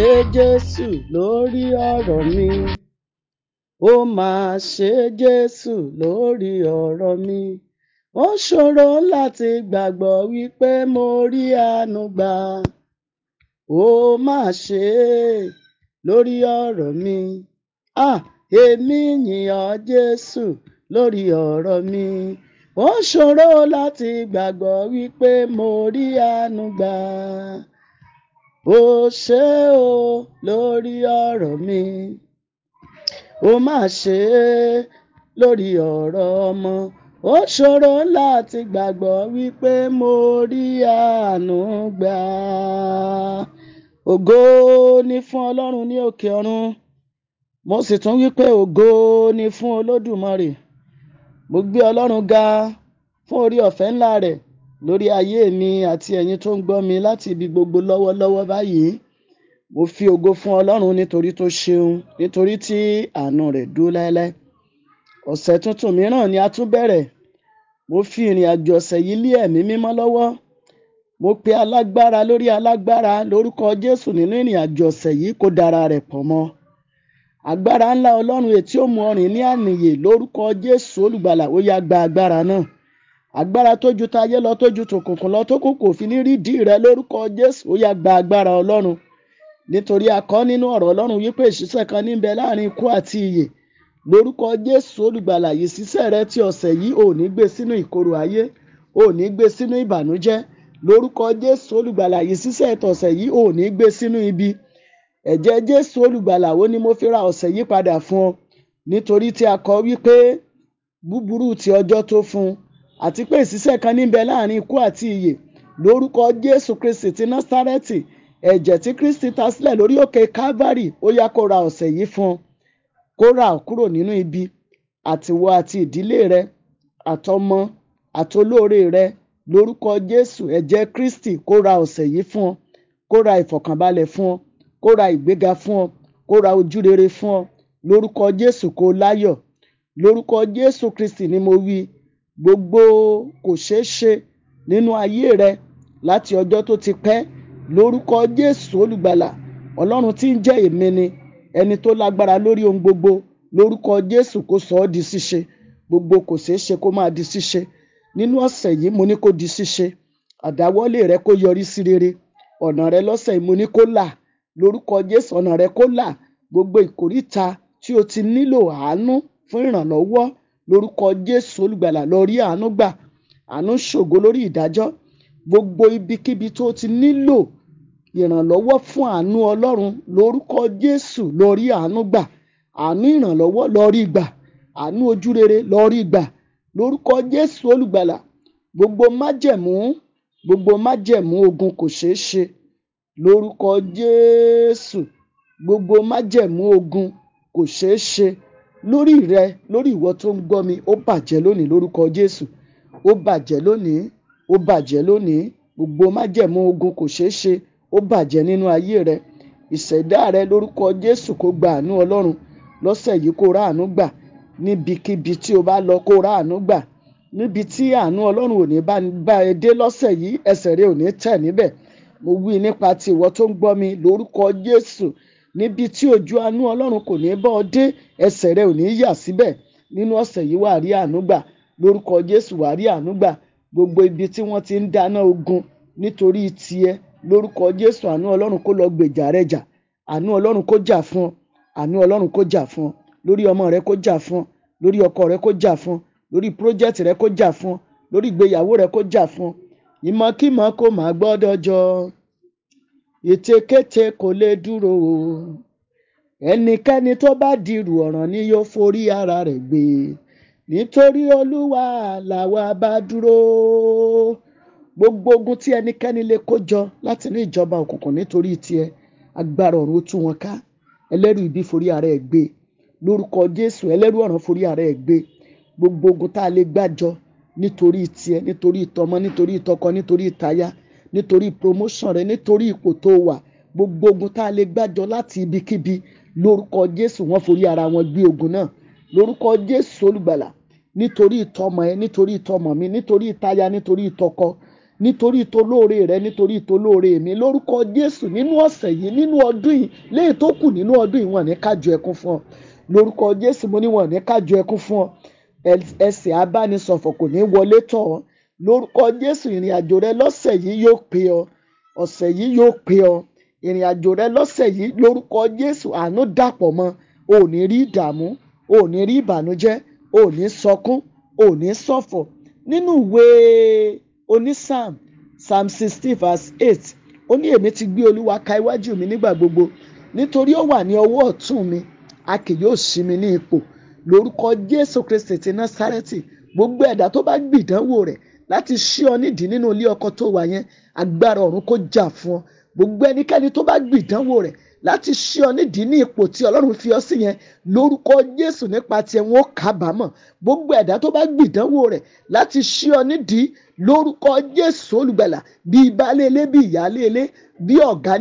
ṣe Jésù lórí ọ̀rọ̀ mi. Ó máa ṣe Jésù lórí ọ̀rọ̀ mi. Ó ṣòro láti gbàgbọ́ wípé mo rí àánú gbà. Ó máa ṣe lórí ọ̀rọ̀ mi. À, èmi yìn ọ́ Jésù lórí ọ̀rọ̀ mi. Ó ṣòro láti gbàgbọ́ wípé mo rí àánú gbà o ṣé o lórí ọ̀rọ̀ mi o má ṣe é lórí ọ̀rọ̀ ọmọ ó ṣòro láti gbàgbọ́ wípé mo rí àánú gbà ògo ni fún Ọlọ́run ní òkè ọ̀run mo sì tún wípé ògo ni fún Olódùmarè mo gbé Ọlọ́run ga fún orí ọ̀fẹ́ ńlá rẹ̀ lórí ayé mi àti ẹ̀yin tó ń gbọ́ mi láti ibi gbogbo lọ́wọ́lọ́wọ́ báyìí. Mo fi ògo fún Ọlọ́run nítorí tó ṣeun, nítorí tí àánú rẹ̀ dúró láéláé. Ọ̀sẹ̀ tuntun mìíràn ni a tún bẹ̀rẹ̀. Mo fi ìrìn àjò ọ̀sẹ̀ yìí lé ẹ̀mí mímọ́ lọ́wọ́. Mo pe alágbára lórí alágbára lórúkọ Jésù nínú ìrìn àjò ọ̀sẹ̀ yìí kó dara rẹ̀ pọ̀ mọ́. Agbára ńlá Ọlọ́run ètí ó mú ọrìn ní ànìyè lórúkọ Jésù olùgbàlà ó yá gba agbára náà agbára tó ju tayé lọ tó ju tòkùnkùn lọ tó kù kò fi ní rí ìdí rẹ lórúkọ jésù ó yá gba agbára ọlọ́run nítorí akọ nínú ọ̀rọ̀ ọlọ́run wípé ìṣiṣẹ́ kan níbẹ̀ láàrin ikú àti ìyè lórúkọ jésù olùgbàlà yìí ṣiṣẹ́ rẹ ti ọ̀sẹ̀ yìí ò ní gbé sínú ìkorò ayé ò gbé sínú ìbànújẹ́ lórúkọ jésù olùgbàlà ṣiṣẹ́ ìtọ̀sẹ̀ yìí ò gbé sínú ibi ẹ̀jẹ̀ jésù olùgbàlà wo ni mo fi ra ọ̀sẹ̀ yìí padà fún ọ nítorí tí a kọ wípé búburú ti ọjọ́ tó fún un àti pé ìṣiṣẹ́ kan níbẹ̀ láàrin ikú àti ìyè lórúkọ Jésù Kristi ti Násítárẹ́tì ẹ̀jẹ̀ tí Kristi ta sílẹ̀ lórí òkè Calvary ó yá kó ra ọ̀sẹ̀ yìí fún un kó rà ọ́ kúrò nínú ibi àtiwọ àti ìdílé rẹ àtọmọ àtolóore rẹ lórúkọ Jésù ẹ̀jẹ̀ Kristi kó ra ọ̀sẹ̀ yìí fún ọ kó ra ìfọ̀kànbalẹ̀ fún ọ kó ra ìgbéga fún ọ kó ra ojú fún ọ lórúkọ Jésù kó láyọ̀ lórúkọ Jésù Kristi ni mo wí gbogbo kò ṣeé ṣe nínú ayé rẹ láti ọjọ́ tó ti pẹ́ lórúkọ Jésù olùgbàlà Ọlọ́run tí ń jẹ́ èmi ni ẹni tó lágbára lórí ohun gbogbo lórúkọ Jésù kó sọ ọ́ di ṣíṣe gbogbo kò ṣeé ṣe kó máa di ṣíṣe nínú ọ̀sẹ̀ yìí mo ní kó di ṣíṣe àdáwọ́lé rẹ kó yọrí sí rere ọ̀nà rẹ lọ́sẹ̀ yìí mo ní kó là lórúkọ Jésù ọ̀nà rẹ kó là gbogbo ìkórìta tí o ti nílò àánú fún ìrànlọ́wọ́ lórúkọ jésù olùgbàlà lọ rí àánú gbà àánú ṣògo lórí ìdájọ́ gbogbo ibikíbi tó ti nílò ìrànlọ́wọ́ fún àánú ọlọ́run lórúkọ jésù lọ rí àánú gbà àánú ìrànlọ́wọ́ lọ rí gbà àánú ojúrere lọ rí gbà lórúkọ jésù olùgbàlà gbogbo májẹ̀mú gbogbo májẹ̀mú ogun kò ṣeé ṣe lórúkọ jésù gbogbo májẹ̀mú ogun kò ṣeé ṣe lórí rẹ lórí ìwọ tó ń gbọ́ mi ó bàjẹ́ lónìí lórúkọ Jésù ó bàjẹ́ lónìí ó bàjẹ́ lónìí gbogbo májẹ̀mú ogun kò ṣeé ṣe ó bàjẹ́ nínú ayé rẹ ìṣẹ̀dá rẹ lórúkọ Jésù kó gba àánú Ọlọ́run lọ́sẹ̀ yìí kó ráàánú gbà níbikíbi tí o bá lọ kó ráàánú gbà níbi tí àánú Ọlọ́run ò ní bá ẹ dé lọ́sẹ̀ yìí ẹsẹ̀ rẹ ò ní tẹ̀ níbẹ̀ mo wí nípa tiwọ́ tó ń gbọ́ mi lórúkọ Jésù níbi tí ojú àánú ọlọ́run kò ní bọ́ ọ dé ẹsẹ̀ rẹ ò ní yà síbẹ̀ nínú ọ̀sẹ̀ yìí wàá rí àánú gbà lórúkọ jésù wàá rí àánú gbà gbogbo ibi tí wọ́n ti ń dáná ogun nítorí tiẹ̀ lórúkọ jésù àánú ọlọ́run kó lọ gbèjà rẹ jà àánú ọlọ́run kó jà fún ọ àánú ọlọ́run kó jà fún lórí ọmọ rẹ kó jà fún lórí ọkọ rẹ kó jà fún lórí project rẹ kó jà fún lórí ìgbéyàwó rẹ kó jà fún ìmọ̀kímọ̀ kò má gbọ́dọ̀ jọ ètekéte kò lè dúró o ẹnikẹ́ni tó bá dirù ọ̀ràn ni yóò forí ara rẹ̀ gbé nítorí olúwa làwa bá dúró gbogbo ogun tí ẹnikẹ́ni lè kó jọ láti ní ìjọba òkùnkùn nítorí tiẹ̀ agbára ọ̀run ó tú wọn ká ẹlẹ́rù ibi forí ara ẹ̀ gbé lórúkọ jésù ẹlẹ́rù ọ̀ràn forí ara ẹ̀ gbé gbogbo ogun tá a lè gbàjọ nítorí tiẹ̀ nítorí tọmọ nítorí tọkọ nítorí taya nítorí promotion rẹ nítorí ipò tó wà gbogbo ogun tá a lè gbàjọ láti ibikíbi lórúkọ jésù wọ́n forí ara wọn gbé ogun náà lórúkọ jésù olùgbàlà nítorí ìtọmọ ẹ nítorí ìtọmọ mi nítorí ìtaya nítorí ìtọkọ nítorí ìtolóore rẹ nítorí ìtolóore mi lórúkọ jésù nínú ọ̀sẹ̀ yìí nínú ọdún yìí léyìí tó kù nínú ọdún yìí wọ́n ní kájọ ẹkún fún ọ lórúkọ jésù mo ní wọ́n ní kájọ ẹkún fún ọ ẹsẹ̀ abánisọ̀fọ̀ kò ní wọlé tọ̀ ọ́ lórúkọ jésù ìrìn àjò rẹ lọ́sẹ̀ yìí yóò pé ọ ọ̀sẹ̀ yìí yóò pé ọ ìrìn àjò rẹ lọ́sẹ̀ yìí lórúkọ jésù àánú dàpọ̀ mọ́ ò ní rí ìdààmú ò ní rí ìbànújẹ́ ò ní sọkún ò ní ṣọ̀fọ̀ nínú ìwé onísàm psalm sixteen verse eight ó ní èmi ti gbé olúwa ka iwájú mi nígbà gbogbo nítorí ó wà ní ọwọ́ ọ̀tún mi a kì yóò ṣí mi ní ipò lórúkọ jésù kristi ti násárẹ́tì gbogbo ẹ̀dá tó bá gbìdánwò rẹ̀ láti ṣí ọ nídìí nínú ilé ọkọ tó wà yẹn agbára ọ̀run kó jà fún ọ gbogbo ẹnikẹ́ni tó bá gbìdánwò rẹ̀ láti ṣí ọ nídìí ní ipò tí ọlọ́run fi ọ sí yẹn lórúkọ jésù nípa tiẹ̀ wọn ó kábàámọ̀ gbogbo ẹ̀dá tó bá gbìdánwò rẹ̀ láti ṣí ọ nídìí lórúkọ jésù olùgbàlà bíi baálé-ilé bíi ìyáálé-ilé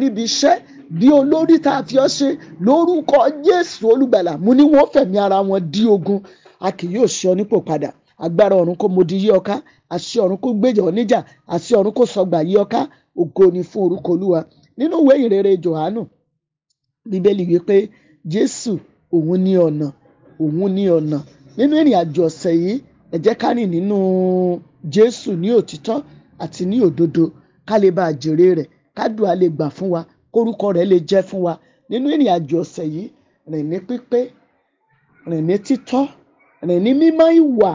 níbi iṣẹ́ bí olórí tá a fi ọ ṣe lórúkọ jésù olùgbàlà mo ní wọn fẹ̀mí ara wọn di ogun a kì yóò ṣe ọ nípò padà agbára ọ̀run kó mo di yí ọ ká àṣẹ ọ̀run kó gbèjà ọ níjà àṣẹ ọ̀run kó sọgbà yí ọ ká ògo ni fún orúkọ olúwa nínú ìwé ìrere Jòhánù bíbélì wípé Jésù òun ni ọ̀nà òun ni ọ̀nà nínú ìrìn àjò ọ̀sẹ̀ yìí ẹ jẹ́ ká rìn nínú Jésù ní òtítọ́ àti ní òdodo ká lè bá a jèrè rẹ̀ kádùá lè gbà fún wa kórúkọ rẹ̀ lè jẹ́ fún wa nínú ìrìn àjò ọ̀sẹ̀ yìí rìn ní pípé rìn ní títọ́ rìn ní mímọ́ ìwà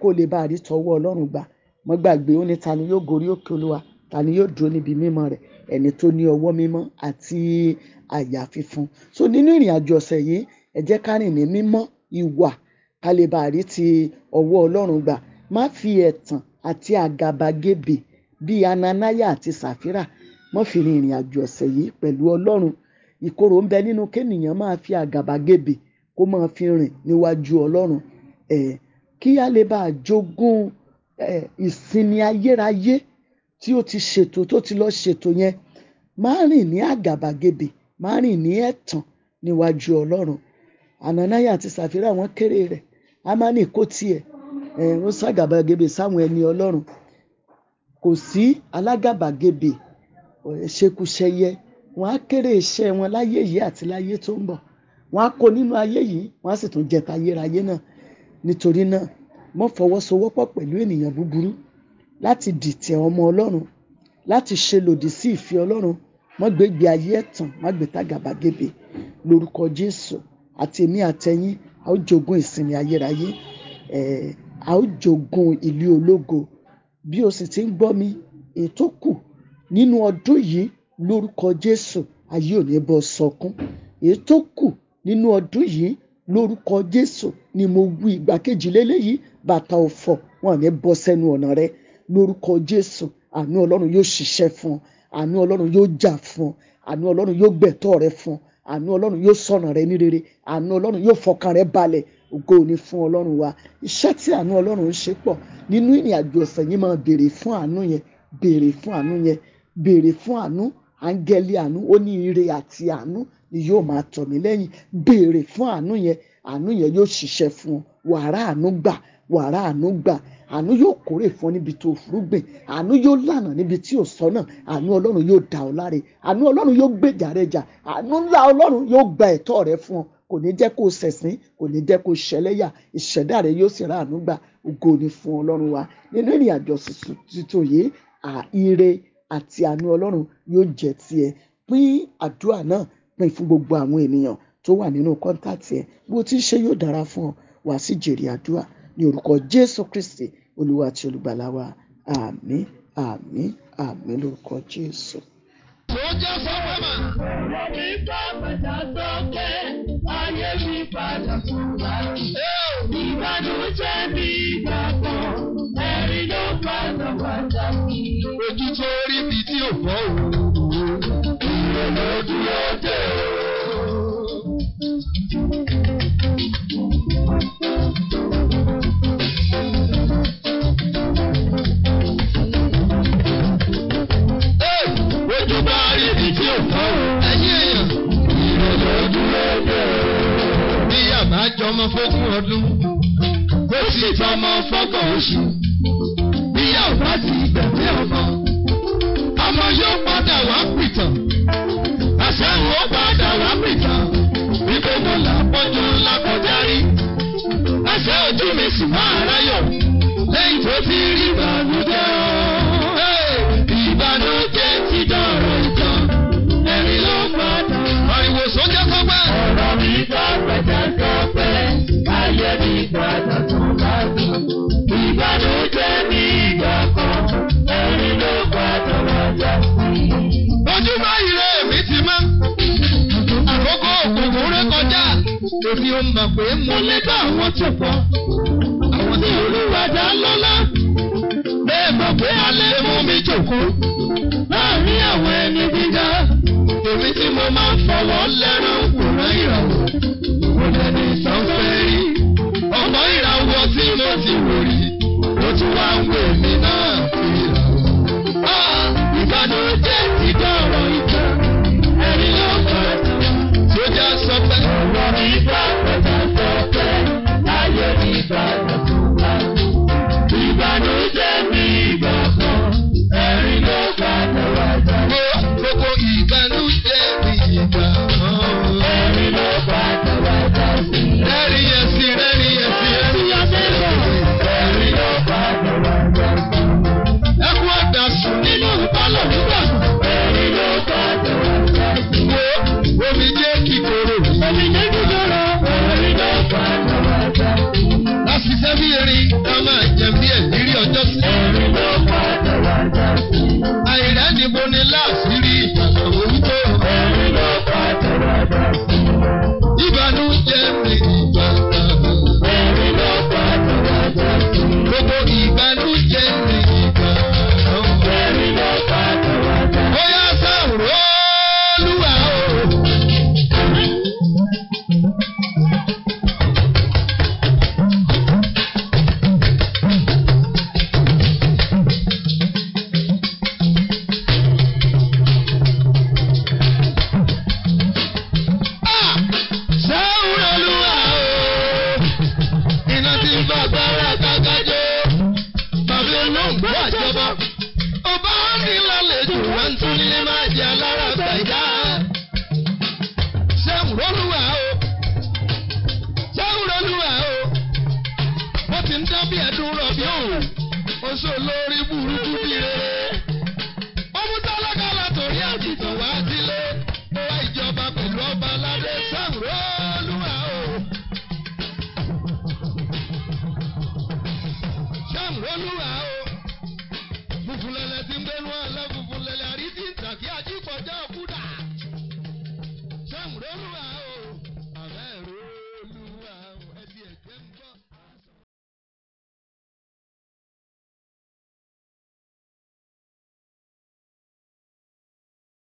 kó lè bá rí tọwọ́ Ọlọ́run gbà má gbàgbé ó ní ta ni yóò gorí òkè Olúwa ta ni yóò dúró níbi mímọ́ rẹ̀ ẹni tó ní ọwọ́ mímọ́ àti àyà fífún so nínú ìrìn àjò ọ̀sẹ̀ yìí ẹ jẹ́ ká rìn ní mímọ́ ìwà ká lè bá rí ti ọwọ́ Ọlọ́run gbà má fi ẹ̀tàn àti àgàbàgebè bíi Ananiah àti Sàfírà má fi rin ìrìn àjò ọ̀sẹ̀ yìí pẹ̀lú Ọlọ́run ìkorò ń bẹ nínú kéènìyàn máa fi àgàbàgebè kó máa fi rìn níwájú Ọlọ́run um kí a lè bá jogún ìsinmi ayérayé tí ó ti ṣètò tó ti lọ ṣètò yẹn má rìn ní àgàbàgebè má rìn ní ẹ̀tàn níwájú ọlọ́run ànánáyà àti sàfírà wọn kéré rẹ̀ ámánì kó tiẹ̀ ó ṣàgàbàgebè sáwọn ẹni ọlọ́run kò sí alágàbàgebè ṣekúṣẹyẹ wọn á kéré iṣẹ́ wọn láyé yìí àti láyé tó ń bọ̀ wọn á kó nínú ayé yìí wọn á sì tún jẹ tayérayé náà nítorí náà mo fọwọ́sowọ́pọ̀ pẹ̀lú ènìyàn búburú láti dìtẹ̀ ọmọ ọlọ́run láti ṣe lòdì sí ìfẹ́ ọlọ́run má gbé ìgbé ayé ẹ̀tàn má gbé tàgàbàgebè lórúkọ jésù àti èmi àtẹ̀yin a ó jogún ìsinmi ayérayé eh, a ó jogún ìlú ológo bí o sì ti ń gbọ́ mi ètò kù nínú ọdún yìí lórúkọ jésù ayé ò ní bọ́ sọkún ètò kù nínú ọdún yìí lórúkọ jésù ni mo wí ìgbàkejì lélẹyìí bàtà ọ̀fọ̀ wọn ní bọ́ sẹ́nu ọ̀nà rẹ lórúkọ jésù àánú ọlọ́run yóò ṣiṣẹ́ fún ọ àánú ọlọ́run yóò jà fún ọ àánú ọlọ́run yóò gbẹ̀tọ́ rẹ fún ọ àánú ọlọ́run yóò sọ̀nà rẹ ní rere àánú ọlọ́run yóò fọkàn rẹ balẹ̀ ògo ni fún ọlọ́run wa iṣẹ́ tí àánú ọlọ́run ń ṣe pọ̀ nínú ìrìn àjò ọ̀sẹ̀ yìí máa béèrè fún àánú yẹn béèrè fún àánú yẹn béèrè fún àánú Angeli àánú ó ní ire àti àánú ni yóò máa tọ̀ mí lẹ́yìn béèrè fún àánú yẹn àánú yẹn yóò ṣiṣẹ́ fún ọ wàrà àánú gbà wàrà àánú gbà àánú yóò kórè fún ọ níbi tó fúrúgbìn àánú yóò lànà níbi tí ò sọ́nà àánú ọlọ́run yóò dá ọ láre àánú ọlọ́run yóò gbèjà rẹ jà àánú ńlá ọlọ́run yóò gba ẹ̀tọ́ rẹ fún ọ kò ní jẹ́ kó sẹ̀sín kò ní jẹ́ kó ṣẹlẹ́yà ìṣẹ̀dá rẹ yóò sì ráàánú gbà ògo ni fún ọlọ́run wa nínú ìrìn àjò tuntun yìí ire àti àánú Ọlọ́run yóò jẹ́ tiẹ̀ pín àdúrà náà pín fún gbogbo àwọn ènìyàn tó wà nínú kọ́ńtàtì ẹ̀ bó ti ṣe yóò dára fún ọ wàá sì jèrè àdúrà ní orúkọ Jésù Kristi Olúwa àti Olùgbàlà wa àmín àmín àmín lórúkọ Jésù. Mo jẹ́ fọwọ́mà. Ẹ̀rọ mi bá padà sókè, ayé mi padà fún wa. Ìbànújẹ́ mi gbàgbọ́, ẹ̀rín ló padà padà. Ojú tó fọ́ òun. Ìrònú dúró dé o. Ojú bá rí ibi tí ò fọ́ òun. Ẹ̀yin èèyàn. Ìrònú dúró dé o. Bí yàrá jọmọ fógún ọdún, ó sì jọmọ fọ́gàn oṣù. ti gbẹ̀mí ọmọ kan yóò padà wá pìtàn. Àṣà yóò padà wá pìtàn. Ibi tó lápọ̀jù lápọ̀jà rí. Àṣà ojú mi sì máa ráyọ̀ lẹ́yìn tó ti rí bàbá jẹ́ ọ́. mọ̀ pé mo lé bá àwọn tó pọ̀ àwọn tí olúwa dá lọ́lá bẹ́ẹ̀ mọ̀ pé alẹ́ mú mi jòkó láàrin àwọn ẹni gíga èmi tí mo máa ń fọwọ́ lẹ́rán wòrán ìràwọ̀ mo lẹ́ni sanfẹ́ rí ọmọ ìràwọ̀ tí mo ti wò rí ó tún wá ń wò mí náà fi ìràwọ̀. Ah, ìbànújẹ́.